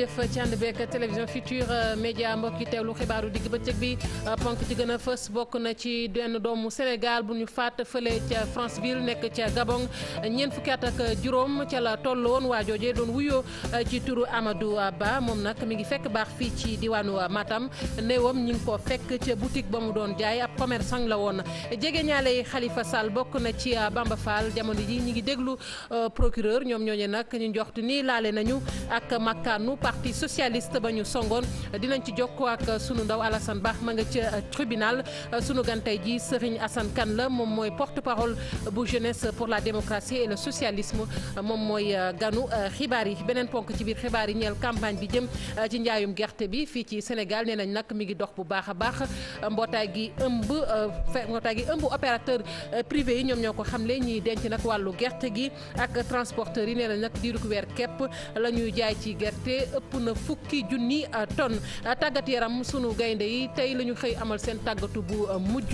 jëf ci ànd beek télévision Future Média mbokk yi teewlu xibaaru digg bëccëg bi euh, ponk ci gën a fës bokk na ci benn doomu Sénégal bu ñu faat fële ca Franceville nekk ca Gabon ñeent fukki at ak juróom ca la toll woon waa jooje doon wuyoo euh, ci turu Amadou Ba moom nag mi ngi fekk baax fii ci diwaanu Matam néewam ñi ngi ko fekk ca boutique ba mu doon jaay ab commerçant la woon jege ñaale yi Khalifa Sall bokk na ci euh, Bamba faal jamono ji ñi ngi déglu procureur ñoom ñooñu nag ñu ni laale nañu parti socialiste ba ñu songoon dinañ ci jokkoo ak sunu ndaw Alassane Ba ma nga ca euh, tribunal euh, sunu gantey ji Serigne Assane kan la moom mooy porte-parole bu jeunesse pour la démocratie et le socialisme euh, moom mooy ganu xibaar yi beneen ponk ci biir xibaar yi ñeel campagne bi jëm ci njaayum gerte bi fii ci Sénégal nee nañ nag mi ngi dox bu baax a baax mbootaay gi ëmb mbootaay gi ëmb opérateur privé yi ñoom ñoo ko xamle ñiy denc nag wàllu gerte gi ak transporteurs yi nee nañ nag diiru weer képp la ñuy jaay ci gerte ëpp na fukki junni euh, tonne euh, tàggat yaram sunu gaynde yi tey la ñu xëy amal seen tàggatu bu euh, mujj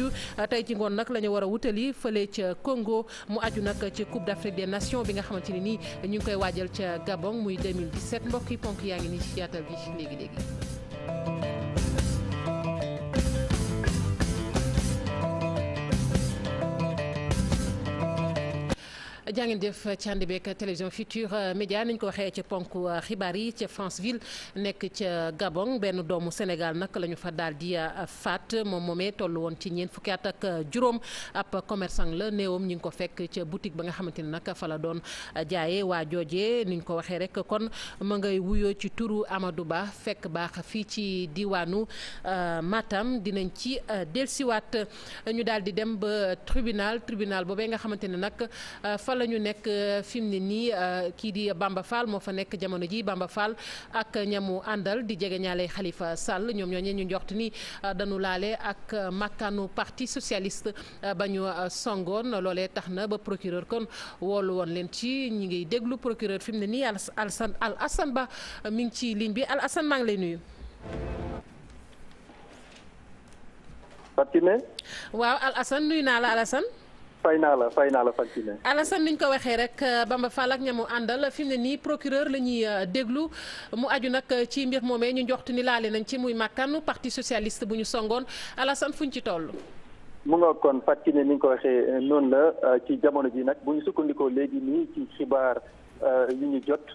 tey ci ngoon nag la ñu war a wutali fële ca kongo mu ajju nag ci Coupe d'Afrique de Nations bi nga xamante ni nii ñu ngi koy waajal ca Gabon muy 2017 mbokk yi ponk yaa ngi nii ci yaatal bi léegi léegi. jaa ngeen jëf ci ànd beeg télévision Future euh, Média ni ñu ko waxee ci ponk euh, xibaar yi ca Franceville nekk ca Gabon benn doomu Sénégal nag la ñu fa daal di euh, faat moom moomee toll woon ci ñeent fukki at ak juróom ab commerçant la néewam ñi ngi ko fekk ca boutique ba nga xamante ni nag fa la doon jaaye waa joojee ni ko waxee rek kon ma ngay wuyoo ci turu Amadou baax fekk baax fii ci diwaanu Matam dinañ ci dellusiwaat ñu daal di dem ba tribunal tribunal boobee nga xamante ni nag la ñu nekk euh, fi mu ne nii euh, kii di Bamba faal moo fa nekk jamono ji Bamba Fall ak ñamu àndal di jege ñaale xalifa Sall ñoom ñoo ñu njoxt nii euh, dañu laale ak màkkaanu parti socialiste ba ñu songoon loolee tax na ba procureur kon woolu woon leen ci ñi ngi déglu procureur fi ne nii Alassane Al Assane Ba mi ngi ci ligne bi Al Assane maa lay nuyu. fay naa la fay naa la Fantine. Alassane ni ñu ko waxee rek euh, Bamba Fall ak ñamu àndal fi mu ne nii procureur la ñuy euh, déglu mu aju nag ci mbir moomee ñu njoxtu ni laale nañ ci muy màkkanu parti socialiste bu ñu songoon Alassane fu ñu ci toll. mu nga kon Fantine ni nga ko waxee euh, noonu la ci jamono ji nag bu ñu sukkandikoo léegi nii ci xibaar yu ñu jot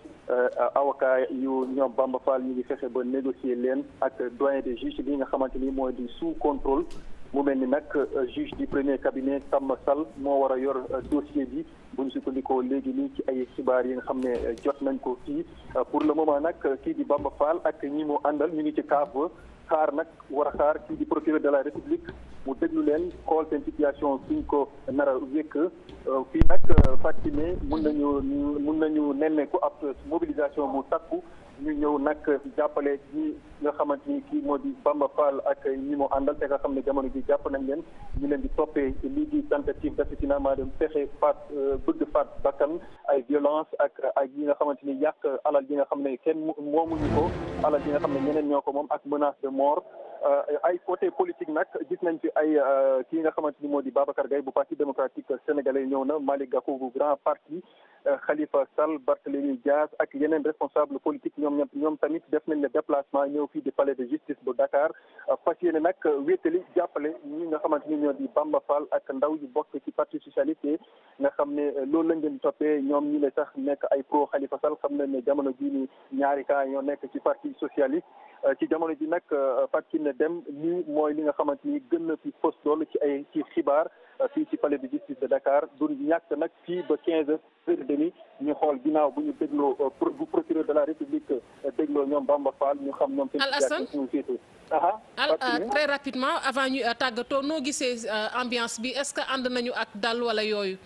avocat yu ñoom Bamba ñu ngi fexe ba négocier leen ak doyen de juges bi nga xamante ni mooy di sous contrôle. mu mel ni nag euh, juge du premier cabinet Samba Sall moo war a yor euh, dossier bi bu ñu sukkandikoo léegi nii ci ay xibaar yi nga xam ne euh, jot nañ ko fii pour le moment nag kii di Bamba Fall ak ñi mu àndal ñu ngi ci kaaf xaar nag war a xaar kii di procureur de la République mu déglu leen xool seen situation suñ ko nar a wékk euh, fii nag euh, Fatimé mun nañu mun nañu nemmeeku ab mobilisation bu takku ñu ñëw nag jàppale ñi nga xamante ni kii moo di Bamba Fall ak ñi moo àndal te nga xam ne jamono ji jàpp nañ leen ñu leen di toppee lii di tentative d'assassinat maa dem fexe faat euh, bëgg faat bakkan ay violence ak ak yi nga xamante ni yàq alal yi nga xam ne kenn moomuñu ko alal yi nga xam ne ñeneen ñoo ko moom ak menace moor Euh, ay côté politique nag gis nañ fi ay euh, kii nga xamante ni moo di Babacar Gaye bu parti démocratique sénégalais ñëw na Malick Gakou bu grand parti euh, Khalifa Sall Barthélémy Dias ak yeneen responsable politique ñoom ñoom ñoom tamit def nañ le déplacement ñëw fii di palais de justice bu Dakar fas yéene nag wéetali jàppale ñi nga xamante ni ñoo di Bamba Fall ak ndaw yu bokk ci parti socialiste nga xam ne loolu lañ leen toppee ñoom ñi ne sax nekk ay pro Khalifa sal xam nañ ne jamono jii nii ñaari camp ñoo nekk ci parti socialiste ci jamono ji nag euh, Fatkine dem lii mooy li nga xamante ni gën na fi fës lool ci ay ci xibaar euh, fii ci palais de justice de Dakar du ñàkk nag fii ba quinze heures et demi ñu xool ginnaaw bu ñu dégloo euh, bu procureur de la République dégloo ñoom Bamba Fall ñu xam ñoom seen Alassane ñu féete al très rapidement avant ñu tàggatoo noo gisee ambiance bi est-ce que ànd nañu ak dal wala yooyu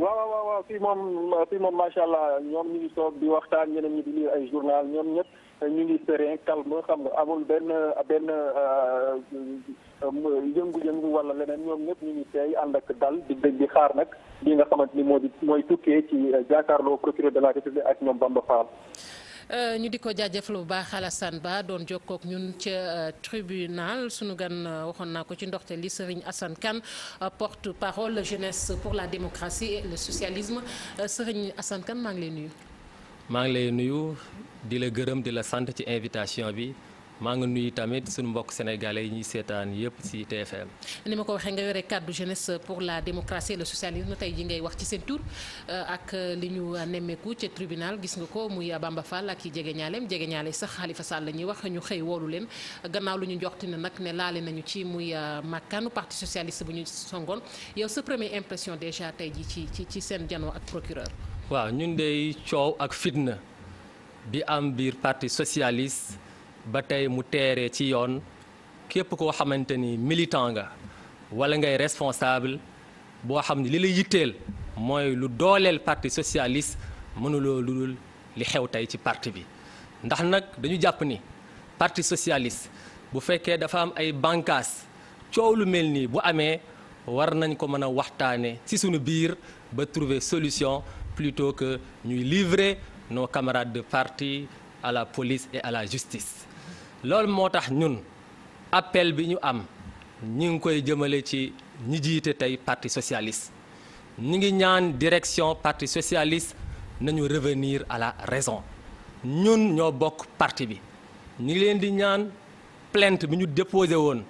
waaw waaw waaw fii moom fii moom macha allah ñoom ñu ngi toog bi waxtaan ñeneen ñi bi lire ay journal ñoom ñëpp ñu ngi serein calme xam nga amul benn benn euh, euh, yëngu-yëngu wala leneen ñoom ñëpp ñu ngi tey ànd ak dal di dégg di xaar nag li nga xamante ni moo di mooy tukkee ci euh, jàkkaarloo procureur de la république ak ñoom Bamba Fall. Euh, ñu di ko jaajëfal bu baax Alassane Ba doon jokkook ñun ca euh, tribunal sunu gan euh, waxoon naa ko ci ndoxte li Serigne Assane Kane porte parole jeunesse pour la démocratie et le socialisme Serigne Assane maa ngi lay nuyu. maa ngi lay nuyu di la gërëm di la sant ci invitation bi. maa ngi nuyu tamit suñ mbokk sénégalais yi ñuy seetaan yëpp ci TFM. ni ma ko waxee nga yore kàddu jeunesse pour la démocratie et le socialisme tey ji ngay wax ci seen tur euh, ak euh, li ñu euh, nemmeeku ca tribunal gis nga ko muy Bamba Fall ak jege ñaaleem jege ñaale sax Khalifa Sall la ñuy wax ñu xëy woolu leen gannaaw lu ñu njoxti ne nag ne laale nañu ci muy màkkaanu parti socialiste bu ñu songoon yow sa première impression déjà tey ji ci ci ci seen janoo ak procureur. waaw ñun dey coow ak fitna bi biir parti socialiste. ba tey mu teeree ci yoon képp koo xamante ni militan nga wala ngay responsable boo xam ne li la yitteel mooy lu dooleel parti socialiste mënuloo lu dul li xew tey ci parti bi ndax nag dañu jàpp ni parti socialiste bu fekkee dafa am ay bànqaas coow lu mel nii bu amee war nañ ko mën a waxtaane ci sunu biir ba trouver solution plutôt que ñuy livrer nos camarades de parti à la police et à la justice loolu moo tax ñun appel bi ñu am ñi ngi koy jëmale ci ñi jiite tey parti socialiste ñi ngi ñaan direction parti socialiste nañu revenir à la raison ñun ñoo bokk parti bi ñi ngi leen di ñaan plainte bi ñu déposé woon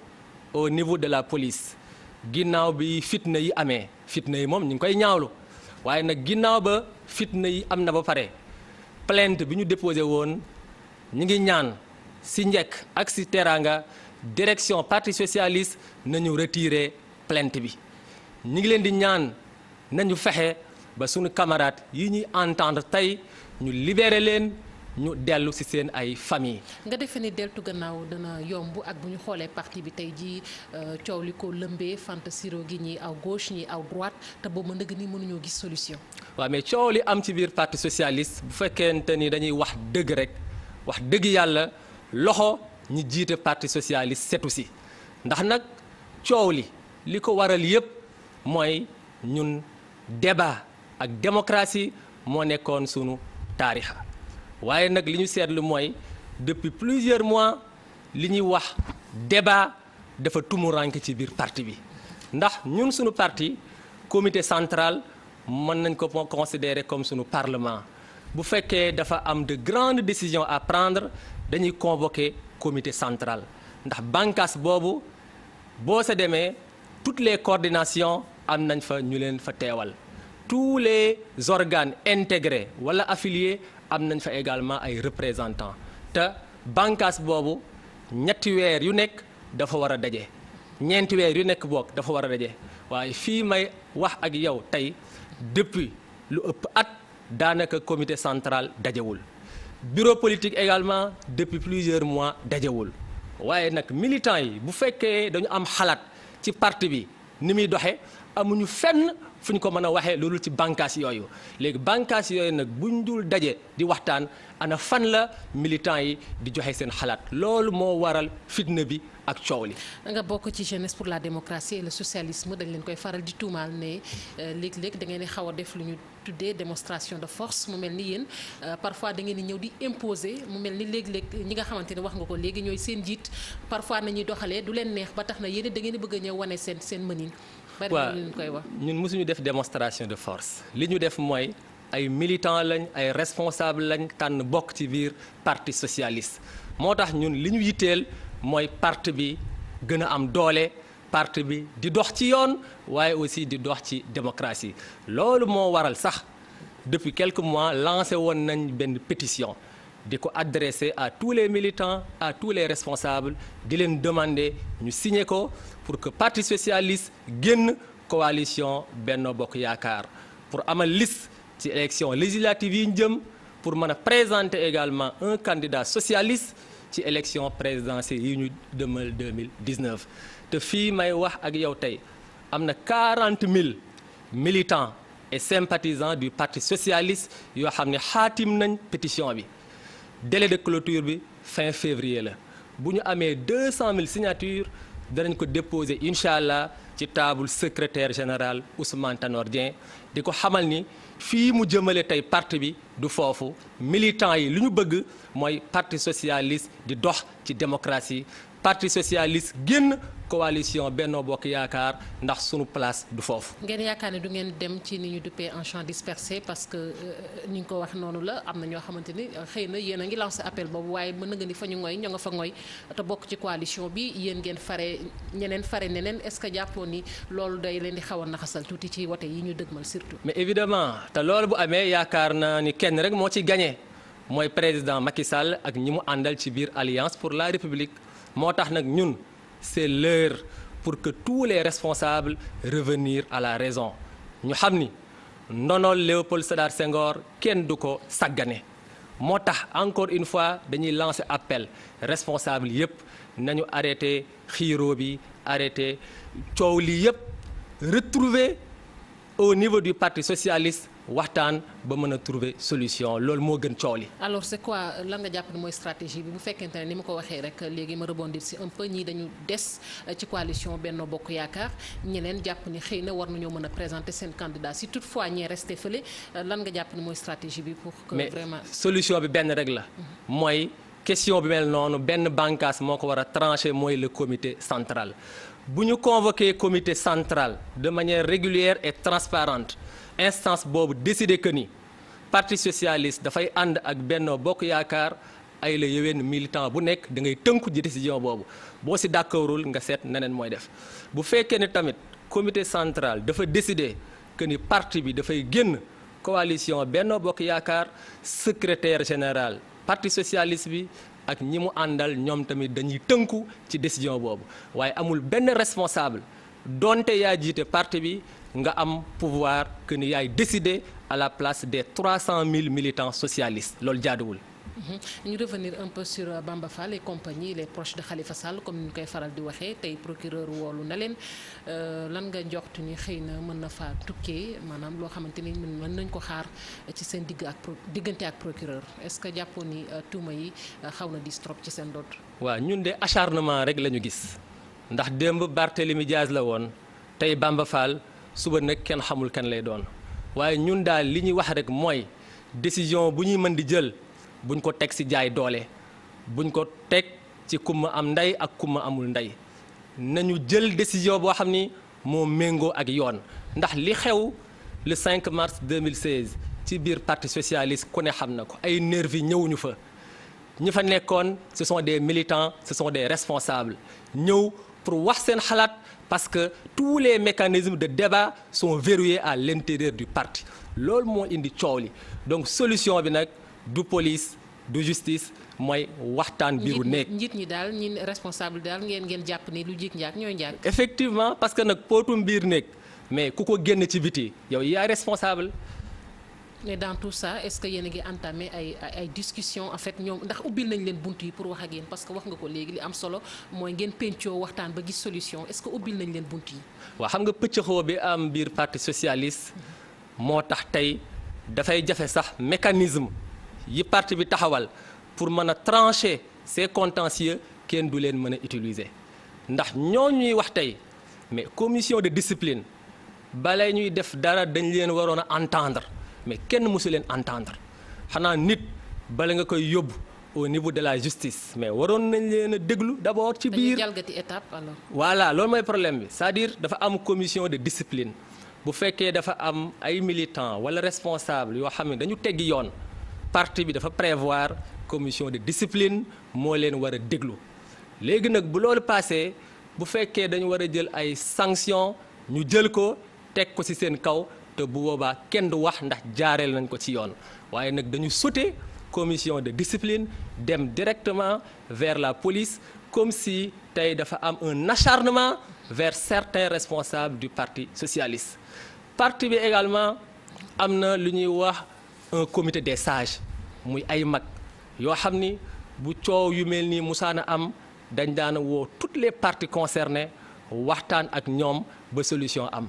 au niveau de la police ginnaaw bi fitna yi amee fitna yi moom ñu ngi koy ñaawlu waaye nag ginnaaw ba fitna yi am na ba pare plainte bi ñu déposé woon ñu ngi ñaan si njekk ak si teraanga direction partie socialiste nañu retire plainte bi ñu ngi leen di ñaan nañu fexe ba suñu camarades yi ñuy entendre tey ñu libere leen ñu dellu ci seen ay famille nga defe ni deltu gannaaw dana yomb ak bu ñu xoolee parti bi tey jii euh, coow li ko lëmbee fanta siro gi ñi aw gauche ñi aw droite te boobu ndëgg ni mënuñoo gis solution. waaw mais coow li am ci biir parti socialiste bu fekkente ni dañuy wax dëgg rek wax dëgg yàlla. loxo ñi jiite parti socialiste setu si ndax nag coow li li ko waral yëpp mooy ñun débat ak démocratie moo nekkoon sunu taarixa waaye nag li ñu seetlu mooy depuis plusieurs mois li ñuy wax débat dafa tumuranke ci biir parti bi ndax ñun sunu parti comité centrale mën nañ ko considérer comme sunu parlement bu fekkee dafa am de grandes décision à prendre dañuy convoquer comité central ndax bànqaas boobu boo sa demee toutes les coordinations am nañ fa ñu leen fa teewal tous les organes intégré wala affiliés am nañ fa également ay représentant te bankaas boobu ñetti weer yu nekk dafa war a daje ñeenti weer yu nekk boog dafa war a daje waaye fii may wax ak yow tey depuis lu ëpp at daanaka comité centrale dajewul bureau politique également depuis plusieurs mois dajewul waaye nag militants yi bu fekkee dañu am xalaat ci parti bi ni muy doxee amuñu fenn fu ñu ko mën a waxee loolu ci bànkaas yooyu léegi bànkaas yooyu nag buñ dul daje di waxtaan ana fan la militant yi di joxe seen xalaat loolu moo waral fitna bi ak coow li. nga bokk ci jeunesse pour la démocratie et le socialisme dañ leen koy faral di tuumaal ne euh, léeg-léeg da ngeen di xaw a def lu ñu tuddee démonstration de force mu mel ni yéen euh, parfois da ngeen di ñëw di imposer mu mel ni léeg-léeg ñi nga xamante ne wax nga ko léegi ñooy seen jiit parfois nañuy doxalee du leen neex ba tax na yéen da ngeen di ñëw wane seen seen waaw ñun mosuñu def démonstration de force li ñu def mooy ay militants lañ ay responsables lañ tànn bokk ci biir parti socialiste moo tax ñun li ñu yitteel mooy parti bi gën a am doole parti bi di dox ci yoon waaye aussi di dox ci démocratie loolu moo waral sax depuis quelque mois lancé woon nañ benn pétition di ko adresser à tous les militants à tous les responsables di leen demander ñu signe ko pour que parti socialiste génn coalition Benno Bokk Yaakaar pour amal liste ci élection législative yi ñu jëm pour mën a présenter également un candidat socialiste ci élection présidentielle yi ñu demal 2019 te fii may wax ak yow tey am na 40 000 militants et sympathisants du parti socialiste yoo xam ne xaatim nañ pétition bi. délai de clôture bi fin février la bu ñu amee 200 000 signatures danañ ko déposer incha allah ci table secretaire général Ousmane Tanor Dieng di ko xamal ni fii mu jëmale tey parti bi du foofu militants yi lu ñu bëgg mooy parti socialiste di dox ci démocratie parti socialiste génn. coalition Benno Bokk Yaakaar ndax sunu place du foofu. ngeen yaakaar ne du ngeen dem ci ni ñu duppee en champ dispersé parce que euh, ni ñu ko wax noonu la am na ñoo xamante ni euh, xëy na yéen a ngi lancé appel boobu waaye mën na nga ni fa ñu ngoy ña nga fa ngoy te bokk ci coalition bi yéen ngeen fare ñeneen fare neneen est-ce que jàppoon ni loolu day leen di xaw a naxasal tuuti ci wote yi ñu dëgmal surtout. mais évidemment te loolu bu amee yaakaar naa ni kenn rek moo ci gagné. mooy président Macky Sall ak ñi mu àndal ci biir alliance pour la république moo tax nag ñun c'est leur pour que tous les responsables revenir à la raison ñu xam ni ndono Léopold Sédar Senghor kenn du ko saggane moo tax encore une fois dañuy lancer appel responsable yëpp nañu arrêté xiiro bi arrêté coow lii yëpp retrouver au niveau du parti socialiste waxtaan ba mën a trouver solution loolu moo gën coow li. alors c'est quoi lan nga jàpp ne mooy stratégie bi bu fekkente ne ni ma ko waxee rek léegi ma rebondir si un peu ñii dañu des euh, ci coalition Benno Bokk Yaakaar ñeneen jàpp ni xëy na war nañoo mën a présenter seen candidat si fois ñee resté fële euh, lan nga jàpp ne mooy stratégie bi pour que vraiment solution bi benn rek la mhm. mooy question bi mel noonu benn bànqaas moo ko war a tranché mooy le comité central bu ñu convoqué comité central de manière régulière et transparente instance boobu décidé que ni parti socialiste dafay ànd ak Benno Bokk Yaakaar ay la yeween militant bu nekk da ngay tënku ci décision boobu boo si d'accordul nga seet neneen mooy def bu fekkee ne tamit comité central dafa décidé que ni parti bi dafay génn coalition Benno Bokk Yaakaar secrétaire général parti socialiste bi ak ñi mu àndal ñoom tamit dañuy tënku ci décision boobu waaye amul benn responsable doonte yaa jiite parti bi nga am pouvoir que ni yaay décider à la place des 300 000 militants socialistes loolu jaaduwul. Mhm. ñu revenir un peu sur euh, Bamba Fall et compagnie les proches de Khalifa Sall comme nu ñu koy faral di waxee tey procureur woolu na leen euh, lan nga njoxtu ni xëy na mën na faa tukkee maanaam loo xamante ni mën nañ ko xaar ci seen digg ak diggante ak procureur est-ce que jàppoon ni euh, tuuma yi xaw na dis ci seen doot waa ñun de acharnement rek lañu gis ndax démb Barthélemy Diaz la woon tey suba nag kenn xamul kan lay doon waaye ñun daal li ñuy wax rek mooy décision bu ñuy mën di jël buñ ko teg ci jaay doole buñ ko teg ci kumma am ndey ak kumma amul ndey nañu jël décision boo xam ni moo méngoo ak yoon ndax li xew le 5 mars 2016 ci biir parti socialiste ku ne xam na ko ay nervi ñëwuñu fa ñi fa nekkoon ce sont des militants ce sont des responsables ñëw pour wax seen xalaat parce que tous les mécanismes de débat sont verrouillés à l'intérieur du parti loolu moo indi coow li donc solution bi nag du police du justice mooy waxtaan biiru nekk njiit ñi daal ñi responsable daal ngeen ngeen jàpp nii lu jiit njaak ñooy njaak effectivement parce que nag pootum biir nekk mais ku ko génn ci biti yow yaa responsable mais dans tout ça est-ce que yéen gi ngi entamé ay ay discussion en fait ñoom ndax ubbil nañ leen bunt yi pour wax ak yéen parce que wax nga ko léegi li am solo mooy ngeen pencoo waxtaan ba gis solution est-ce que ubbil nañ leen bunt yi. waaw xam nga pëccëxoo bi am biir parti socialiste moo tax tey dafay jafe sax mécanisme yi parti bi taxawal pour mën a tranché ces contentieux kenn du leen mën a utiliser ndax ñoo ñuy wax tey mais commission de discipline balay ñuy def dara dañ leen waroon a entendre. mais kenn mësu leen entendre xanaa nit bala nga koy yóbbu au niveau de la justice mais waroon nañ leen a déglu d' abord ci biir jalgati étape alors. voilà loolu mooy problème bi cest à dafa am commission de discipline bu fekkee dafa am ay militants wala responsable yoo xam ne dañu teggi yoon partie bi dafa prévoir commission de discipline moo leen war a déglu léegi nag bu loolu passé bu fekkee dañu war a jël ay sanctions ñu jël ko teg ko ci seen kaw bu boobaa kenn du wax ndax jaareel nañ ko ci yoon waaye nag dañu sauter commission de discipline dem directement vers la police comme si tey dafa am un acharnement vers certains responsables du parti socialiste parti bi également am na lu ñuy wax un comité des sages muy ay mag yoo xam ni bu coow yu mel nii musaana am dañ daan woo toutes les parties concernées waxtaan ak ñoom ba solution am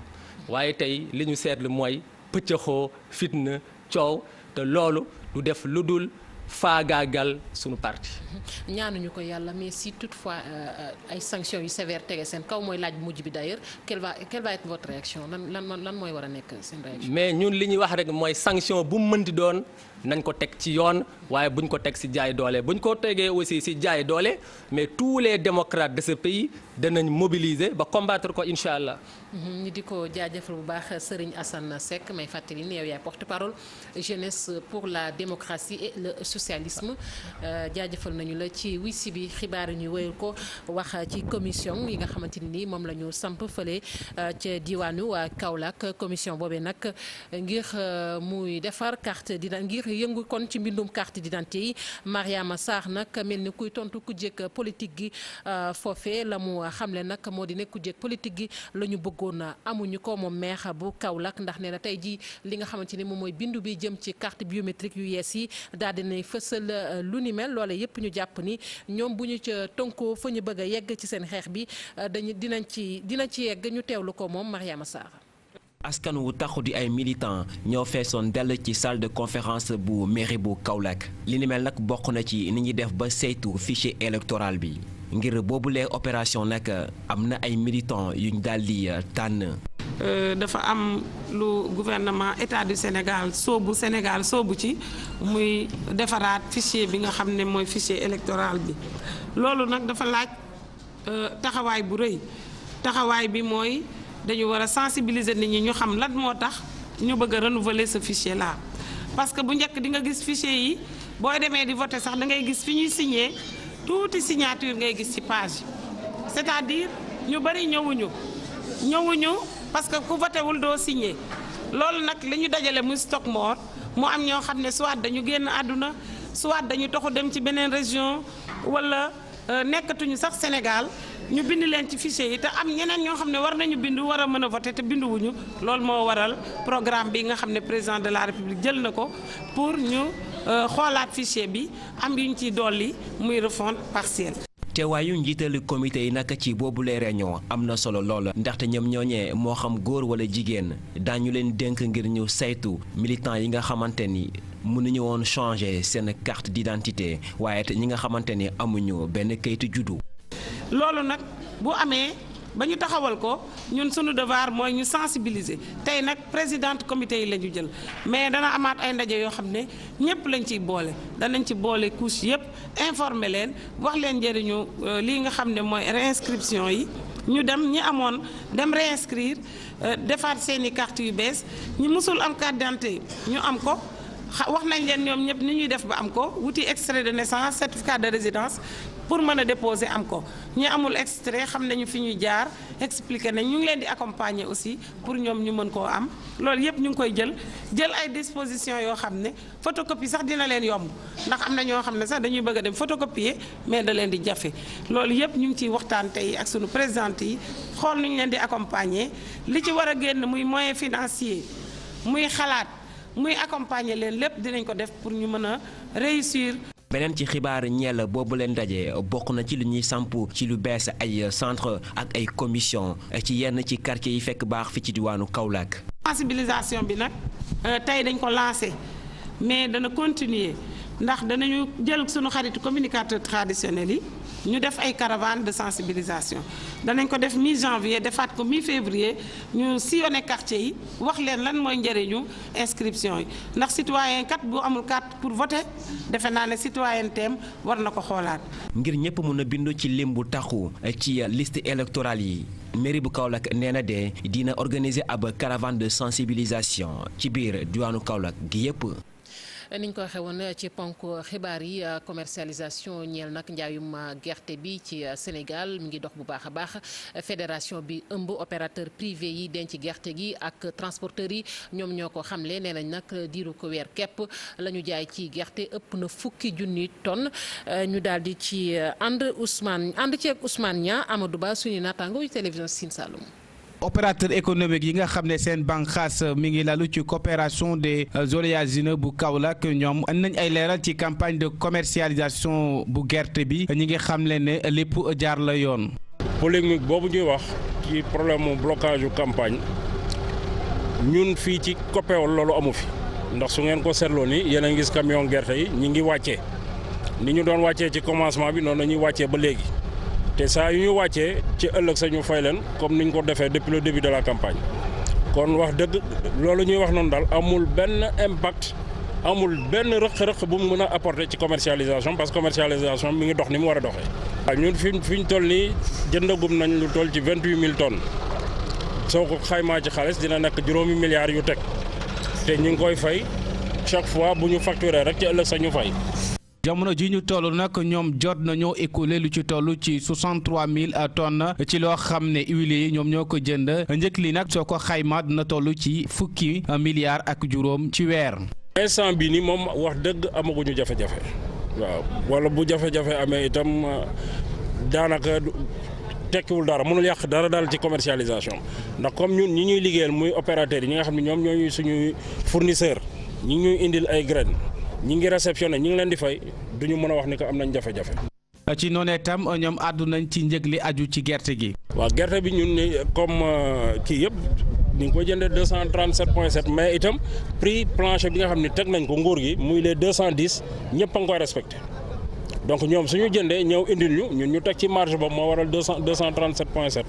waaye tey li ñu seetlu mooy pëccëxoo fitna coow te loolu du def lu dul faagaagal sunu parti. ñaanuñu ko yàlla mais si tout toutefois euh, euh, ay sanctions yu sévères tege seen kaw mooy laaj bu mujj bi d'ailleurs quelle va quelle va être réaction lan lan lan mooy war a nekk seen réaction. mais ñun li ñuy wax rek mooy sanction bu mu mënti doon. nañ ko teg ci yoon waaye buñ ko teg si jaay doole buñ ko tegee aussi si jaay doole mais tous les démocrates de ce pays danañ mobiliser ba combattre ko incha allah. Mhm, ñu di ko jaajëfal bu baax Serigne Assane Seck may fàttali ni yow yaay porte-parole jeunesse pour la démocratie et le socialisme euh, jaajëfal nañu la ci wisi bi xibaar yi ñu woyul ko wax ci commission yi nga xamante ni moom la ñu samp fële euh, ca diwaanu waa Kaolack commission boobee nag ngir euh, muy defar carte yëngu kon ci mbindum carte d'identité yi Mariama Sarr nag mel ni kuy tontu ku jëkk politique gi euh, foofe la mu xamle nag moo di nekk ku jëkk politique gi la ñu bëggoon amuñu ko moom meex bu Kaolack ndax ne na tey jii li nga xamante ni moom mooy bindu bi jëm ci carte biométrique yu yees yi daal dinay fësal euh, lu ni mel loole yëpp ñu jàpp ni ñoom bu ñu ca tënkoo fa ñu bëgg a yegg ci seen xeex bi euh, dañu dinañ ci dina ci yegg ñu teewlu ko moom Mariama Sarr askan wu taxu di ay militants ñoo feesoon dell ci salle de conférence bu mairie bu Kaolack li ni mel nag bokk na ci ni ñuy def ba saytu fichier électoral bi ngir boobu boobulee opération nag am na ay militants yuñ daal di euh, tànn. Euh, dafa am lu gouvernement état du Sénégal soobu Sénégal soobu ci muy defaraat fichier bi nga xam ne mooy fichier électoral bi loolu nag dafa laaj euh, taxawaay bu rëy taxawaay bi mooy. dañu war a sensibiliser nit ñi ñu xam lan moo tax ñu bëgg a renouveler sa fichier là parce que bu njëkk di nga gis fichier yi boo demee di voter sax da ngay gis fi ñuy signer tuuti signature ngay gis ci page c'est-à-dire ñu bari ñëwuñu ñëwuñu parce que ku voté wul doo signé loolu nag li ñu dajale muy stock mort mu am ñoo xam ne soit dañu génn àdduna soit dañu toxu dem ci beneen région wala Euh, nekkatuñu sax Sénégal ñu bind leen ci fichier yi te am ñeneen ñoo xam ne war nañu bind war a mën a voté te binduwuñu loolu moo waral programme bi nga xam ne président de la république jël na ko pour ñu euh, xoolaat fichier bi am yu ñu ciy dolli muy refonte partielle. teewaayu njiitalu comité yi nag ci boobu boobule réunion am na solo lool ndaxte ñoom ñooñee moo xam góor wala jigéen daañu leen dénk ngir ñu saytu militant yi nga xamante ni mënuñu woon changer seen carte d'identité waaye te ñi nga xamante ni amuñu benn kayitu juddu. loolu nag bu amee. ba ñu taxawal ko ñun suñu devoir mooy ñu sensibiliser tey nag présidente comité yi la ñu jël mais dana amaat ay ndaje yoo xam ne ñëpp lañ ciy boole danañ ci boole couche yëpp informer leen wax leen njëriñu euh, lii nga xam ne mooy réinscription yi ñu dem ñi amoon dem réinscrire euh, defaat seeni carte yu bees ñi mosul am carte ñu am ko xa wax nañ leen ñoom ñëpp ni ñuy def ba am ko wuti extrait de naissance certificat de résidence pour mën a déposé am ko ñu amul extrait xam nañu fi ñuy jaar expliqué nañ ñu ngi leen di accompagner aussi pour ñoom ñu mën koo am lool yëpp ñu ngi koy jël jël ay dispositions yoo xam ne photocopie sax dina leen yomb ndax am na ñoo xam ne sax dañuy bëgg a dem photocopier mais da leen di jafe loolu yëpp ñu ngi ciy waxtaan tey ak sunu présidente yi xool nu ñu leen di accompagner li ci war a génn muy moyen financier muy xalaat. muy accompagner leen lépp dinañ ko def pour ñu mën a réussir. beneen ci xibaar ñeel boobu leen daje bokk na ci li ñuy samp ci lu bees ay centre ak ay commission ci yenn ci quartier yi fekk baax fi ci diwaanu Kaolack. sensibilisation bi nag euh, tey dañ ko lancé mais dana continuer ndax danañu jël sunu xaritu communicateur traditionnel yi. ñu def ay caravane de sensibilisation danañ ko def mi janvier defaat ko mi février ñu sillonné quartier yi wax leen lan mooy njëriñu inscription yi ndax citoyen kat bu amul carte pour voter defe naa ne citoyen war na ko xoolaat. ngir ñëpp mun a bindu ci lim bu taxu ci liste électorale yi. mairie bu Kaolack nee na de dina organiser ab caravane de sensibilisation ci biir diwaanu Kaolack gi yëpp. niñ ko waxee woon ci ponk xibaar yi commercialisation ñeel nag njaayum gerte bi ci Sénégal mu ngi dox bu baax a baax fédération bi ëmb opérateur privé yi denc gerte gi ak transporteurs yi ñoom ñoo ko xamle nee nañ nag diiru ko weer képp la ñu jaay ci gerte ëpp na fukki junni tonnes ñu daal di ci ànd Ousmane ànd ceeg Ousmane ñaa Amadou Ba suñu naataango yu télévision Sine Saloum opérateur économique yi nga xam ne seen bànqaas mi ngi lalu ci coopération des euh, oléagineux bu Kaolack ñoom am nañ ay leeral ci campagne de commercialisation bu gerte bi ñi ngi xam le ne lépp jaar la yoon polémique boobu ñuy wax ci problème mu blocage campagne ñun fii ci COPEOL loolu amu fi ndax su ngeen ko seetloo ni yéen a ngi gis camion gerte yi ñi ngi wàccee ni ñu doon wàccee ci commencement bi noonu la ñuy wàccee ba léegi te saa yu ñu wàccee ci ëllëg sañu fay leen comme niñ ko defee depuis le début de la campagne kon wax dëgg loolu ñuy wax noonu daal amul benn impact amul benn rëq-rëq bu mu mën a apporter ci commercialisation parce que commercialisation mi ngi dox ni mu war a doxee. waaw ñun fi fi ñu toll nii jëndagum nañ lu toll ci vingt huit mille tonnes soo ko xaymaa ci xaalis dina nekk juróomi milliards yu teg te ñu ngi koy fay chaque fois bu ñu facturer rek ci ëllëg sañu fay. jamono ji ñu toll nag ñoom jot nañoo écoulé lu ci toll ci mille 63000 tonnes ci loo xam ne huile yi ñoom ñoo ko jënd njëkk li nag soo ko xayma na toll ci fukki milliards ak juróom ci weer. instant bi ni moom wax dëgg amaguñu jafe-jafe waaw wala bu jafe-jafe amee itam daanaka tekkiwul dara mënul yàq dara daal ci commercialisation ndax comme ñun ñi ñuy liggéeyal muy opérateurs yi ñi nga xam ne ñoom ñooy suñuy fournisseur ñi ñuy indil ay graines. ñi ngi réceptionné ñi ngi leen di fay du ñu mën a wax ni que am nañ jafe-jafe. ci noonu itam ñoom àddu nañ ci njëg li aju ci gerte gi. waa gerte bi ñun ni comme euh, kii yëpp ñu ngi ko jënde deux cent trente mais itam prix plancher bi nga xam ne teg nañ ko nguur gi muy les deux cent dix ñëpp a ngi koy respecté donc ñoom suñu jëndee ñëw indil ñu ñun ñu teg ci marge boobu moo waral deux cent deux cent point sept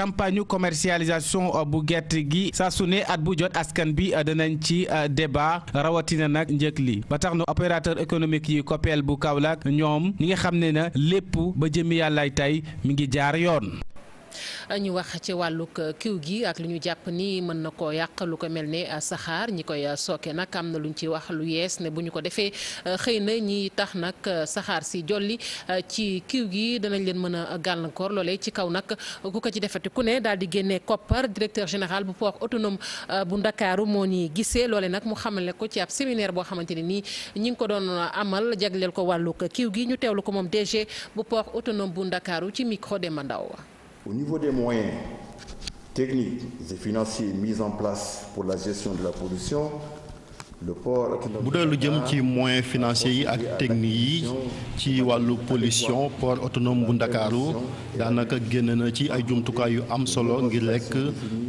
campagne commercialisation euh, bu gerte gi saa su ne at bu jot askan bi euh, danañ ci euh, débat rawatina nag njëg li ba tax na opérateur économique yi COPEL bu Kaolack ñoom ñi nga xam ne na lépp ba jëmi yàllaay tey mi ngi jaar yoon ñu wax ci wàllug euh, kiw gi ak lu ñu jàpp ni mën na koo yàq lu ko mel ne euh, saxaar ñi koy euh, sooke nag am na lu ñu ci wax lu yees ne bu ñu ko defee xëy na ñi tax nag saxaar si jolli ci kiw gi danañ leen mën a gàllankoor loole ci kaw nag ku ko ci defati ku ne daal di génnee koppar directeur général bu port autonome bu ndakaaru moo ni gisee loole nag mu xamale ko ci ab seminaire boo xamante ne nii ñi ngi ko doon amal jagleel ko wàllug kiw gi ñu teewlu ko moom DG bu port autonome bu ndakaaru ci micro Demba Ndaw Au niveau des moyens techniques et financiers place pour la gestion de la pollution, bu dee lu jëm ci moyen financiers yi ak techniques yi ci wàllu pollution port autonome bu ndakaaru daanaka génn na ci ay jumtukaay yu am solo ngir lekk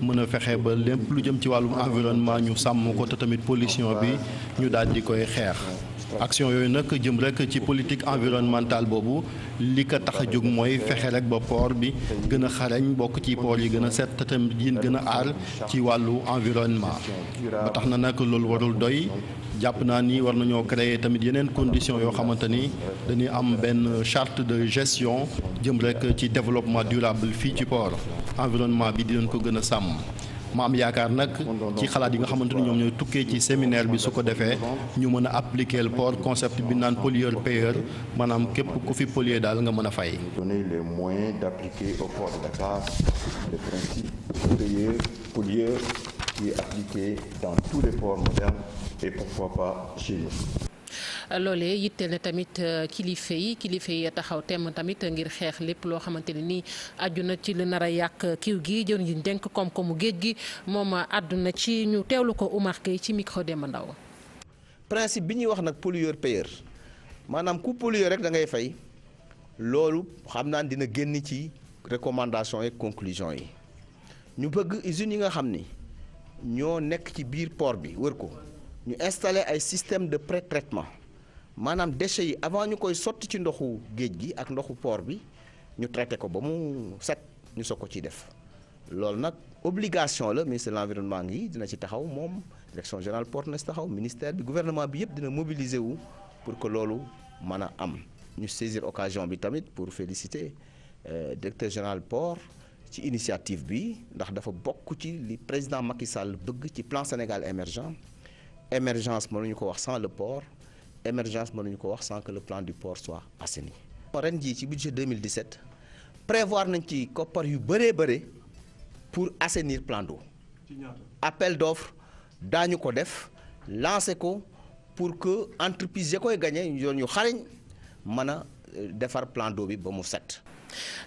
mën a fexe ba lépp lu jëm ci wàllum environnement ñu sàmm ko te tamit pollution bi ñu daal di koy xeex action yooyu nag jëm rek ci politique environnementale boobu li ko tax a jóg mooy fexe rek ba port bi gën a xarañ bokk ci port yi gën a set tam yi gën a aar ci wàllu environnement ba tax na nak loolu warul doy jàpp naa ni war nañoo créer tamit yeneen conditions yoo xamante ni dañuy am benn charte de gestion jëm rek ci développement durable fii ci port environnement bi di dinañ ko gën a sàmm ma am yaakaar nag ci xalaat yi nga xamante ni ñoom ñooy tukkee ci séminaire bi su ko defee ñu mën a appliquer le port concept bi naan pollueur payeur maanaam képp ku fi polluer daal nga mën a fay. donner les moyens d'appliquer au port de Dakar le principe payeur pollueur qui est loolee yitteel ne tamit euh, kilifa yi kilifa yi taxaw temm tamit ngir xeex lépp loo xamante ne nii aju na ci lu nar a yàq kiw gi jëwriñ ji njënk koom-koomu géej gi moom àdduna ci ñu teewlu ko Oumar Gueye ci micro Demba Ndaw principe bi ñuy wax nag pollueur payeur maanaam ku pollueur rek da ngay fay loolu xam naa dina génn ci recommandation yi conclusion yi ñu bëgg usines yi nga xam ni ñoo nekk ci biir port bi wër ko ñu installer ay système de pré-traitement maanaam déchets yi avant ñu koy sotti ci ndoxu géej gi ak ndoxu port bi ñu traité ko ba mu set ñu soog ko ciy def loolu nag obligation la ministre de l'environnement ngi dina ci taxaw moom direction générale port na ci taxaw ministère bi gouvernement bi yëpp dina mobiliser wu pour que loolu mën a am ñu saisir occasion bi tamit pour féliciter euh, directeur général port ci initiative bi ndax dafa bokk ci li président Macky Sall bëgg ci plan Sénégal émergent émergence mënuñu ko wax sans le port émergence mënuñu ko wax sans que le plan du port soit assaini. ren jii ci budget 2017 prévoir nañ ci koppar yu bëree bëri pour assainir plan d'eau appel d'offre daañu ko def lancer ko pour que entreprise ya koy gañe yoon yu xarañ mën a euh, defar plan d'eau bi ba mu set.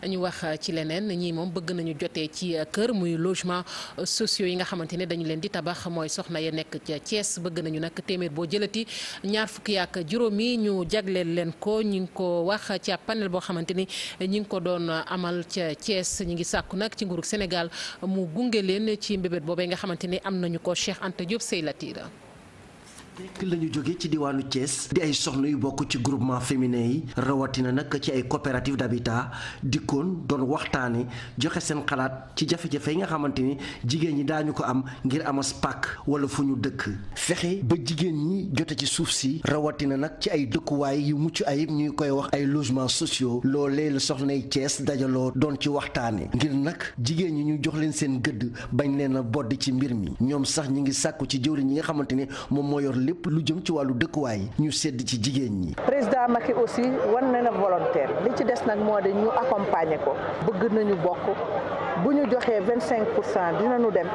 ñu wax euh, ci leneen ñii moom bëgg nañu jote ci euh, kër muy logement euh, sociaux yi nga xamante ne dañu leen di tabax mooy soxna ya nekk ca Thiès bëgg nañu nag téeméer boo jëlati ñaar fukki ak juróomi ñu jagleel leen ko ñu ngi ko wax ci ab boo xamante ni ñi ngi ko doon amal ca Thiès ñi ngi sàkku nag ci nguurug Sénégal mu gunge leen ci mbébét boobee nga xamante ni am nañu ko Cheikh Anta Diop Sey Latira nekk la ñu jóge ci diwaanu cees di ay soxla yu bokk ci groupement féminin yi rawatina nag ci ay coopérative d'habitat dikkoon doon waxtaane joxe seen xalaat ci jafe-jafe yi nga xamante ni jigéen ñi daañu ko am ngir amas pàkk wala fu ñu dëkk fexe ba jigéen ñi jote ci suuf si rawatina nag ci ay dëkkuwaay yu mucc ayib ñuy koy wax ay logements sociaux loolee la soxnay Thiès dajaloo doon ci waxtaane ngir nag jigéen ñi ñu jox leen seen gëdd bañ leen a bodd ci mbir mi ñoom sax ñi ngi sàkku ci jëwriñ ñi nga xamante ni moom moo lépp lu jëm ci wàllu dëkkuwaay ñu sedd ci jigéen ñi. président Macky aussi wan na na volontaire li ci des nag moo de ñu accompagner ko bëgg nañu bokk. bu ñu joxee vingt cinq pour cent dinañu dem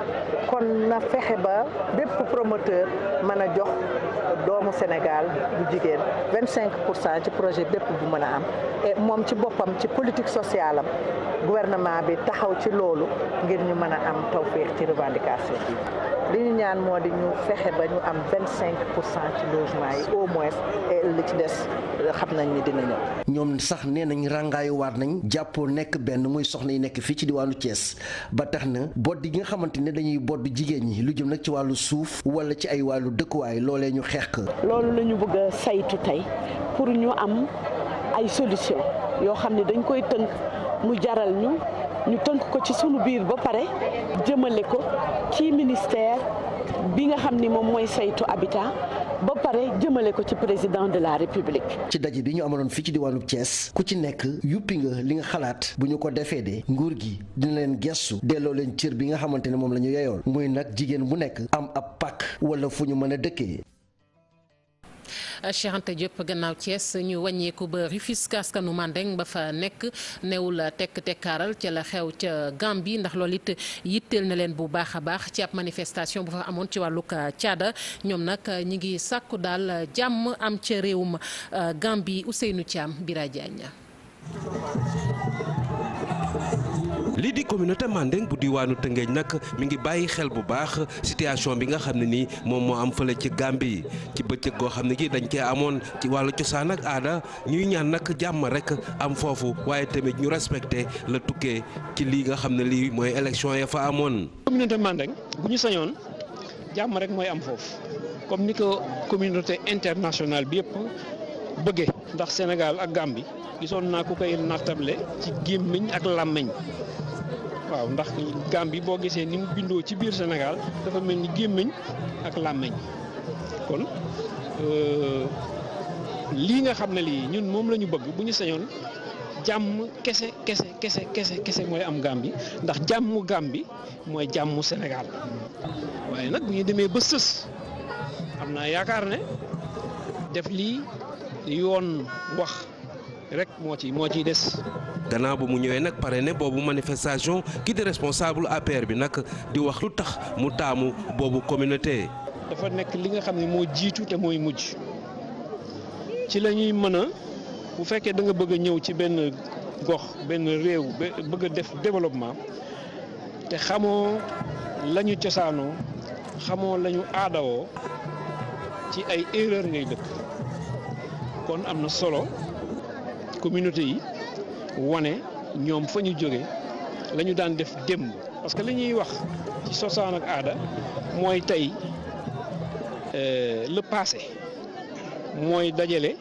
kon na fexe ba bépp promoteur mën a jox doomu Sénégal bu jigéen vingt cinq pour cent ci projet bépp bu mën a am moom ci boppam ci politique sociale am gouvernement bi taxaw ci loolu ngir ñu mën a am tawféex ci revendication bi li ñu ñaan moo di ñu fexe ba ñu am vingt cinq pour cent ci logement yi au moins li ci des xam nañ ni dina ñëw. ñoom sax nee nañ ràngaayuwaat nañ jàppoo nekk benn muy soxna yu nekk fii ci di diwaanu cees ba tax na bodd yi nga xamante ne dañuy bodd jigéen ñi lu jëm nag ci wàllu suuf wala ci ay wàllu dëkkuwaay loole ñu xeex ko. loolu lañu ñu saytu tey pour ñu am ay solution yoo xam ne dañ koy tënk mu jaral ñu ñu tënk ko ci sunu biir ba pare jëmale ko ci ministère bi nga xam ni moom mooy saytu habitat. ba pare jëmale ko ci président de la république. ci daje bi ñu amaloon fii ci diwaanu cees ku ci nekk yuppi nga li nga xalaat bu ñu ko defee de nguur gi dina leen gestu delloo leen cër bi nga xamante ne moom la ñu yeyool muy nag jigéen bu nekk am ab pàkk wala fu ñu mën a dëkkee Cheikh Anta gannaaw Thiès ñu wàññeeku ba Rufisque askanu Mandeng ba fa nekk newul tekk tekkaaral ca la xew ca Gambie ndax loolu it yitteel na leen bu baax a baax ci ab manifestation bu fa amoon ci wàllug euh, caada ñoom nag euh, ñi ngi sàkku daal euh, jàmm am ca réew réewum Gambie Ousseynou Thiam Bira Diagne lii di communauté Mandeng bu diwaanu Tëngéej nag mi ngi bàyyi xel bu baax situation bi nga xam ne nii moom moo am fële ci yi ci bëccëg goo xam ne gi dañ cee amoon ci wàllu cosaan ak aada ñuy ñaan nag jàmm rek am foofu waaye tamit ñu respecté la tukkee ci lii nga xam ne lii mooy élection ya fa amoon. communauté Mandeng bu ñu sañoon jàmm rek mooy am foofu comme ni ko communauté internationale bi yëpp bëggee ndax Sénégal ak Gambie gisoon naa ku koy nattable ci ak làmmiñ waaw ndax Gambie boo gisee ni mu bindoo ci biir Sénégal dafa mel ni gémmiñ ak làmmeñ kon euh, lii nga xam ne lii ñun moom lañu bëgg bu ñu sañoon jàmm kese kese kese kese kese mooy am Gambie ndax jàmmu Gambie mooy jàmmu Sénégal waaye nag bu ñu demee ba sës am naa yaakaar ne def lii yoon wax rek moo ci moo ciy des. gannaaw bu mu ñëwee nag pare ne boobu manifestation ki di responsable APR bi nag di wax lu tax mu taamu boobu communauté. dafa nekk li nga xam ne moo jiitu te mooy mujj ci la ñuy mën a bu fekkee danga nga bëgg ñëw ci benn gox benn réew bëgg a def développement te xamoo la ñu cosaanoo xamoo lañu aadawoo ci ay erreur ngay dëkk kon am na solo. communauté yi wane ñoom fa ñu jóge la ñu daan def démb parce que li ñuy wax ci sosaan ak aada mooy tey euh, le passé mooy dajale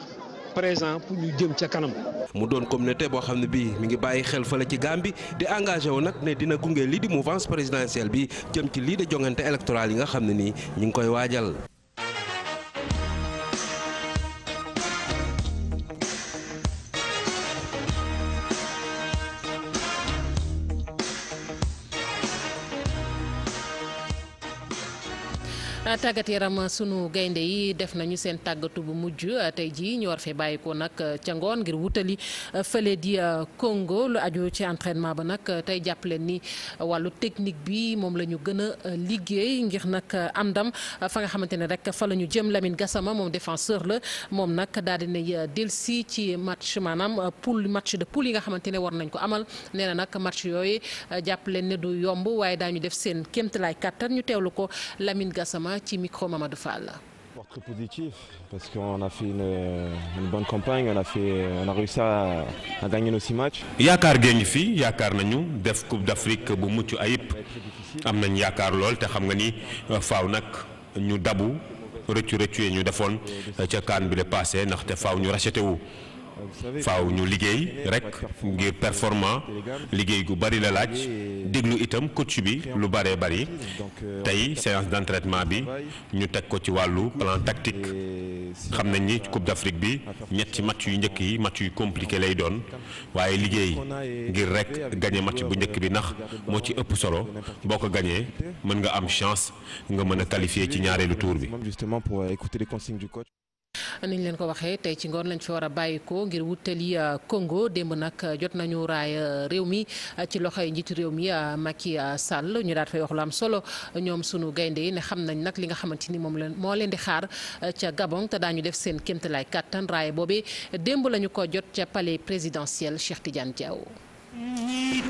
présent pour ñu jëm ca kanam. mu doon communauté boo xam ne bii mu ngi bàyyi xel fële ci Gambie di engage wu nag ne dina gunge lii di mu mouvance présidentielle bi jëm ci lii de jongante électorale yi nga xam ne nii ñu ngi koy waajal. Ah, tàggat yaram sunu gaynde yi def nañu seen tàggatu bu mujj ah, tey jii ñu war fee bàyyikoo nag ah, ca ngoon ngir wutali fële di Congo lu aju ci entrainement ba nag tey jàpp leen ni wàllu technique bi moom la ñu gën a liggéey ngir nag am fa nga xamante ne rek fa la ñu jëm Lamine Gassama moom defenseur la moom nag daal dina delsi ci match maanaam poule match de poule yi nga xamante ne war nañ ko amal nee na nag match yooyu jàpp leen ne du yomb waaye daa ñu def seen kéemtalaay kàttan ñu teewlu ko ci micro Mamadou Fall. Très positif parce qu'on a fait une, une bonne campagne on a fait on a réussi à, à gagner yaakaar génn fii yaakaar nañu def Coupe d'Afrique bu mucc ayib am nañ yaakaar lool te xam nga ni euh, faw nag ñu dabu rëccu rëccu yi ñu defoon euh, ca kaan bi de passé ndaxte faw ñu racheté wu. faaw ñu liggéey rek ngir performant liggéey gu bari la laaj déglu itam coach bi lu baree bari tey séance d'entraînement bi ñu teg ko ci wàllu plan tactique xam nañ ñi Coupe d'Afrique bi ñetti match yu njëkk yi match yu compliqué lay doon waaye liggéey ngir rek gagné match bu njëkk bi ndax moo ci ëpp solo boo ko gañee mën nga am chance nga mën a qualifier ci ñaareelu tour bi. niñ leen ko waxee tey ci ngoon lañ fi war a bàyyi ngir wutali kongo euh, démb nag euh, jot nañu raay euh, réew mi ci loxoy njiitu réew mi Macky Sall ñu daal fay wax lu am solo ñoom sunu gaynde yi ne xam nañ nag li nga xamante ni moom leen moo leen di xaar ca Gabon te ñu def seen kéemtalaay kàttan raay boobee démb lañu ko jot ca pale présidentiel Cheikh Tidiane Diaw. ñii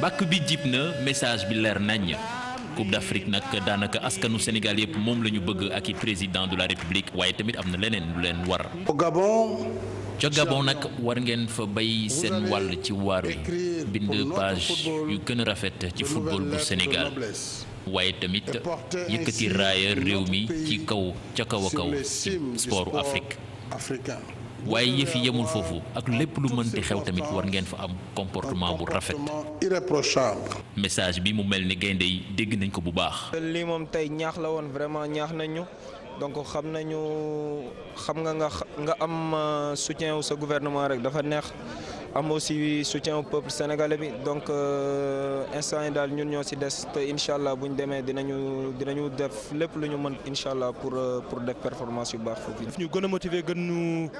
bàkk bi jib na message bi leer nañ Coupe d'Afrique nag daanaka askanu Sénégal yëpp moom lañu bëgg ak i président de la République waaye tamit am na leneen lu leen war. au Gabon. ca Gabon war ngeen fa bay seen wàll ci waar wi bind page yu gën a rafet ci football bu Sénégal. waaye tamit yëkkati raaya réew mi ci kaw ca kaw kaw ci sportu Afrique waaye yëf yi yemul foofu ak lépp lu mënti xew tamit war ngeen fa am comportement bu rafet. irréprochable. message bi mu mel ni gaynde yi dégg nañ ko bu baax. lii moom tey ñaax la woon vraiment ñaax nañ ñu donc xam nañu xam nga nga nga am euh, soutien wu sa gouvernement rek dafa neex am aussi soutien au peuple sénégalais bi donc euh, instant yi daal ñun ñoo ci des te incha allah bu ñu demee dinañu dinañu def lépp lu ñu mën incha allah pour euh, pour def performance yu baax foofu. ñu gën a motiver gën ñu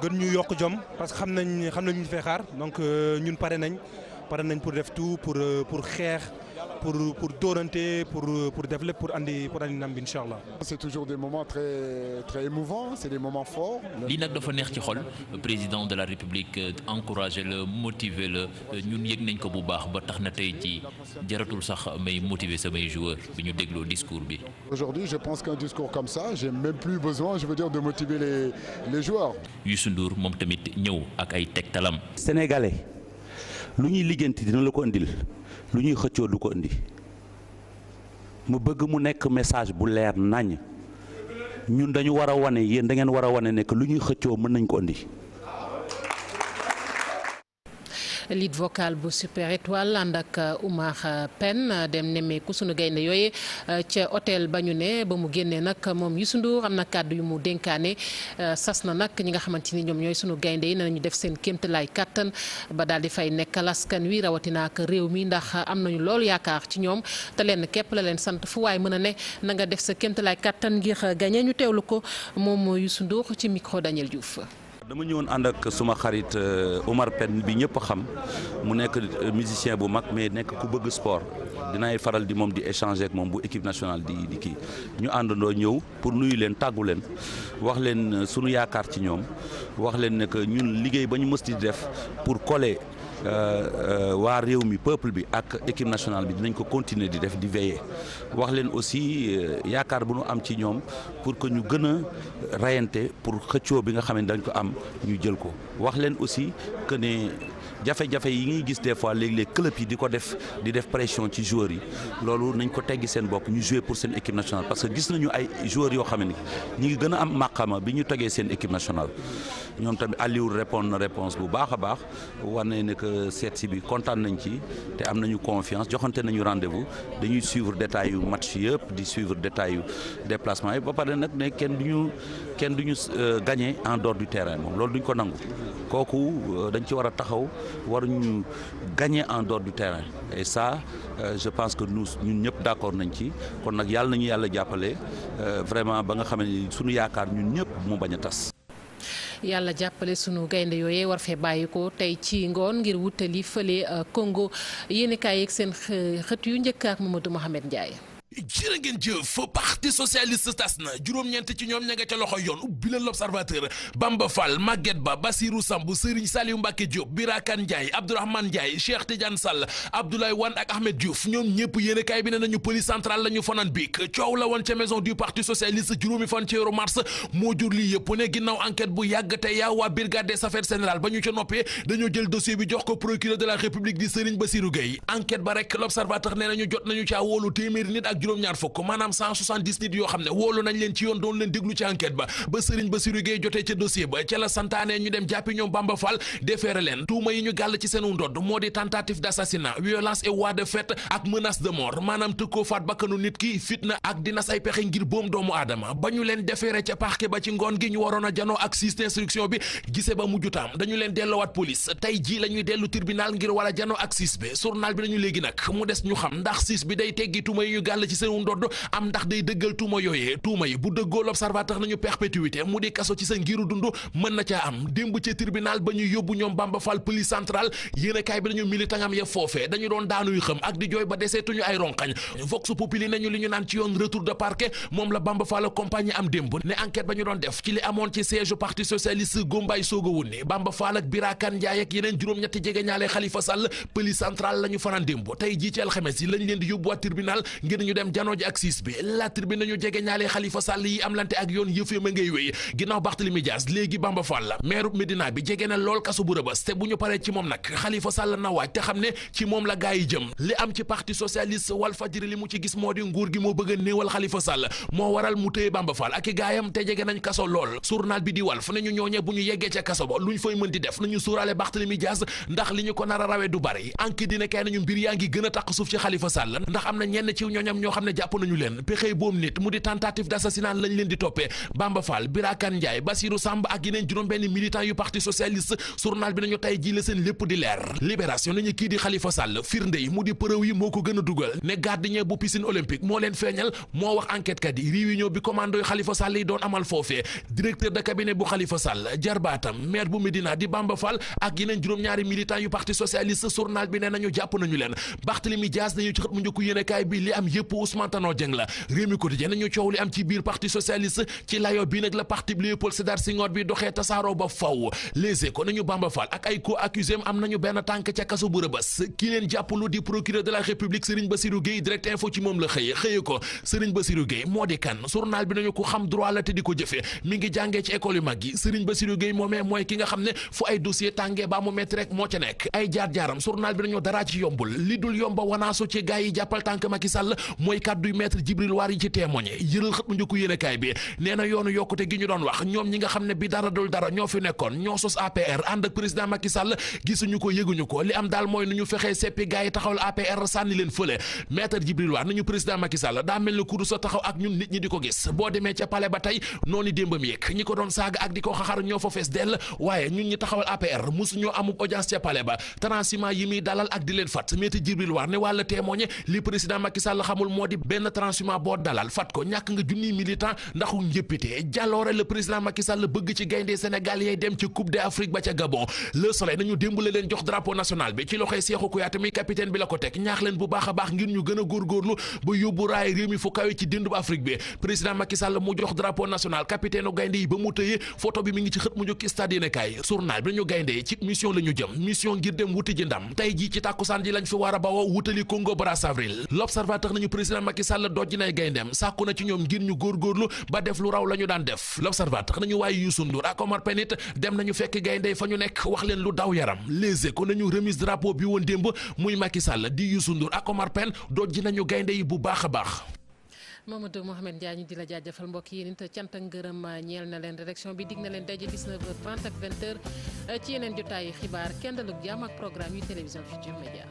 gën ñu yokk jom parce que xam nañ xam nañ ñu fay donc ñun pare nañ pare nañ pour def tout pour pour xeex. pour pour dóorante pour pour def pour andi pour andi ndam bi incha allah. c'est toujours des moments très très émouvants c'est nag dafa neex ci xol président de la république encouragé la motiver le ñun yëg nañ ko bu baax ba tax na tey ci jaratul sax may motiver samay joueurs bi ñu dégloo discours bi. aujourd'hui je pense qu'un discours comme ça j'ai même plus besoin je veux dire de motiver les joueurs. Youssou Ndour moom tamit ñëw ak ay tegtalam. sénégalais lu ñuy liggéeyanti dina la ko lu ñuy xëccoo du ko indi mu bëgg mu nekk message bu leer nàññ ñun dañu war a wane yéen da ngeen war a wane nekk lu ñuy xëccoo mën nañ ko indi lead vocal bu Super Étoile ànd ak uh, Oumar uh, Pène uh, dem nemmeeku suñu gaynde yooye ca hôtel ba ñu ne ba mu génnee nag moom Youssou Ndour am na kàddu yu mu dénkaane sas na nag ñi nga xamante ni ñoom ñooy suñu gaynde yi nañu def seen kéemtalaay kàttan ba daal di fay nekkal askan wi rawatina réew mi ndax am nañu lool yaakaar ci ñoom te lenn képp la leen sant fu waaye mën a ne na nga def sa kéemtalaay kàttan ngir gagné ñu teewlu ko moom Youssou Ndour ci micro Daniel Diouf. dama ñëwoon ànd ak suma xarit euh, Omar Pène bi ñëpp xam mu nekk euh, musicien bu mag mais nekk ku bëgg sport dinaay faral di moom di échanger ak moom bu équipe nationale di di kii ñu àndandoo ñëw pour nuyu leen tàggu leen wax leen euh, suñu yaakaar ci ñoom wax leen ne ñun liggéey ba ñu mësti di def pour coller. Euh, euh, waa réew mi peuple bi ak équipe nationale bi dinañ ko continuer di def di veiller wax leen aussi euh, yaakaar bu nu am ci ñoom pour que ñu gën a rayante pour xëccoo bi nga xam ne dañ ko am ñu jël ko waxleen aussi que ne jafe-jafe yi ngay gis des fois léeg-léeg club yi di ko def di def pression ci joueurs yi loolu nañ ko teggi seen bopp ñu joue pour seen équipe nationale parce que gis nañu ay joueurs yoo xam ne ñu ngi gën a am màqama bi ñu tegee seen équipe nationale ñoom tamit Aliou répondre na réponse bu baax a baax wane ne que seet bi kontaan nañ ci te am nañu confiance joxante nañu rendez-vous dañuy suivre détail yu match yëpp di suivre détail yu déplacement yi ba pare nag ne kenn du ñu kenn du ñu euh, gagné en dehors moom loolu duñ ko nangu kooku euh, dañ ci war a taxaw waruñu gagner en dehors du terrain et ça euh, je pense que nous ñun ñëpp d'accord nañ ci kon nag yàlla nañu yàlla jàppale euh, vraiment ba nga xam ne suñu yaakaar ñun ñëpp mu bañ a tas. yàlla jàppale sunu gaynde yooyee war fee bàyyi ko tey ci ngoon ngir wutali fële euh, Congo yéen a kaay seen xët yu njëkk ak Mamadou Mohamed Ndiaye. jërë ngeen jëf parti socialiste tas na juróom-ñeent ci ñoom ña nga ca loxo yoon ubbi leen l'observateur Bamba Fall Ba Basirou Samb Serigne Saliou Mbacké Diop Birakan Ndiaye Abdourahmane Ndiaye Cheikh Tidiane Sall Abdoulaye Wane ak Ahmed Diouf ñoom ñëpp yéen kaay bi ne nañu police centrale la ñu fanaan biig coow la woon ca maison du parti socialiste juróomi fan ci weeru mars moo jur lii yëpp ne ginnaaw enquête bu yàgg te yaa waa brigade des affaires générales ba ñu ca noppee dañoo jël dossier bi jox ko procureur de la ak juróom-ñaar fukk maanaam 170 nit yoo xam ne woolu nañ leen ci yoon doon leen déglu ci enquête ba ba Serigne Bassirou Gueye jotee ca dossier ba ca la santaane ñu dem jàppi ñoom Bamba Fall defeere leen tuuma yi ñu gàll ci seenu ndodd moo di tentative d'assassinat violence et voies de fait ak menace de mort maanaam tëkkoo faat bakkanu nit ki fitna ak dina say pexe ngir boom doomu aadama ba ñu leen defeere ca parquet ba ci ngoon gi ñu waroon a janoo ak siste instruction bi gise ba la ñuy a janoo ak sis bi journal bi nañu léegi nag ci seenu ndodd am ndax day dëggal tuuma yooyee tuuma yi bu dëggoo l'observateur nañu perpétuité mu di kaso ci seen ngiru dund mën na caa am démb ca tribunal ba ñu yóbbu ñoom Bamba Fall police centrale bi dañu doon daanuy xam ak di jooy ba ñu naan ci yoon retour de parquet moom la Bamba Fall compagnie am démb ne enquête ñetti jegeñaale Khalifa Sall police centrale la ñu fanaan démb tey jii ci alxames yi lañ leen di yóbbuwaat tribunal ngir ñu dem janoo ji ak siis bi la tribune nañu jege ñaale Khalifa Sall yi am lante ak yoon yëfee ma ngay wéy ginnaaw Barthélemy Dias léegi Bamba la maire Médina bi jege na lool kasu bu rëbës bu ñu paree ci moom nag Khalifa Sall na waaj te xam ne ci moom la gaa jëm li am ci parti socialiste wal fajiri li mu ci gis moo di nguur gi moo bëgg a néewal Khalifa Sall moo waral mu téye Bamba ak i gaayam te jege nañ kaso lool journal bi di wal fu ne ñu ñooñe ba lu ñu fay mën di a a ñoo xam ne jàpp nañu leen pexey boom nit mu di tentative d'assassinat lañ leen di toppee Bamba Fall Birakan Ndiaye Basirou Samb ak yeneen juróom-benn militant yu parti socialiste journal bi nañu tey jii la a dugal ne moo leen feeñal moo wax enquête kat yi réunion bi commando yu Khalifa Sall yi doon amal foofee directeur de cabinet bu Khalifa Sall jarbaatam maire bu Médina di Bamba Fall ak yeneen juróom-ñaari militant yu parti socialiste journal bi ne nañu jàpp nañu leen Barthélémy Dias nañu ci mu njëkk yéenekaay bi li am yëpp bu Ousmane Tanor Dieng la Rewmi Quotidien nañu coow li am ci biir parti socialiste ci layo bi nag la parti bi Léopold Sédar Senghor bi doxee tasaaroo ba faw Les Échos nañu Bamba Fall ak ay co-accusé am nañu benn tànk ca kaso bu Rebeuss ki leen jàppalu di procureur de la République Serigne Bassirou Gueye Direct Info ci moom la xëye xëye ko Serigne Bassirou Gueye moo di kan journal bi nañu ko xam droit la te di ko jëfe mi ngi jàngee ci école yu mag yi Serigne mooy kàdduy maître Jibril Waar yi ci témoigné yëral xët mu njëkku yéenekaay bi nee yoonu yokkute gi ñu doon wax ñoom ñi nga xam ne bi dara dul dara ñoo fi nekkoon ñoo sos APR ànd ak président Macky Sall gisuñu ko yëguñu ko li am daal mooy nu ñu fexee seppi gars yi taxawal APR sànni leen fële maître Jibril Waar nañu président Macky Sall daa mel ni kudu sa taxaw ak ñun nit ñi di ko gis boo demee ca palais ba tey noonu démbam yéeg ñi ko doon saaga ak di ko xaxar ñoo fa fees dell waaye ñun ñi taxawal APR mosuñoo amub di leen fat maître Jibril Waar ne wàlla témoigné li président Macky moo di benn transhumant boo dalal fat ko ñàkk nga junniy militant ndaxu njëppite jaloore le président Macky Sall bëgg ci gaynde Sénégal yay dem ci coupe d'Afrique ba ca Gabon le soleil nañu démb la leen jox drapeau national bi ci loxoy Cheikhou Kouyaté mi capitaine bi la ko teg ñaax bu baax a baax ngir ñu gën a góorgóorlu ba yóbbu raay réew mi fu kawe ci déndub Afrique bi président Macky Sall mu jox drapeau national capitaine u yi ba mu tëye président Macky Sall doj nay gayndeem sàkku na ci ñoom ngir ñu góorgóorlu ba def lu raw la ñu daan def l'observateur xana ñu waaye Youssou Ndour ak Omar Pène fekk gayndey fa ñu nekk wax leen lu daw yaram Les Échos nañu remise drapeau bi woon démb muy Macky Sall di Youssou Ndour ak Omar Pène doj nañu gaynde yi bu baax a baax Mamadou Mouhamed Ndiaye ñu di la jaajëfal mbokk yi nit cant ak ngërëm ñeel na leen rédaction bi dig na leen daje 19 h ak 20 ci yeneen jotaayu xibaar kenn dalug jàmm ak programme yu télévision Futurs Médias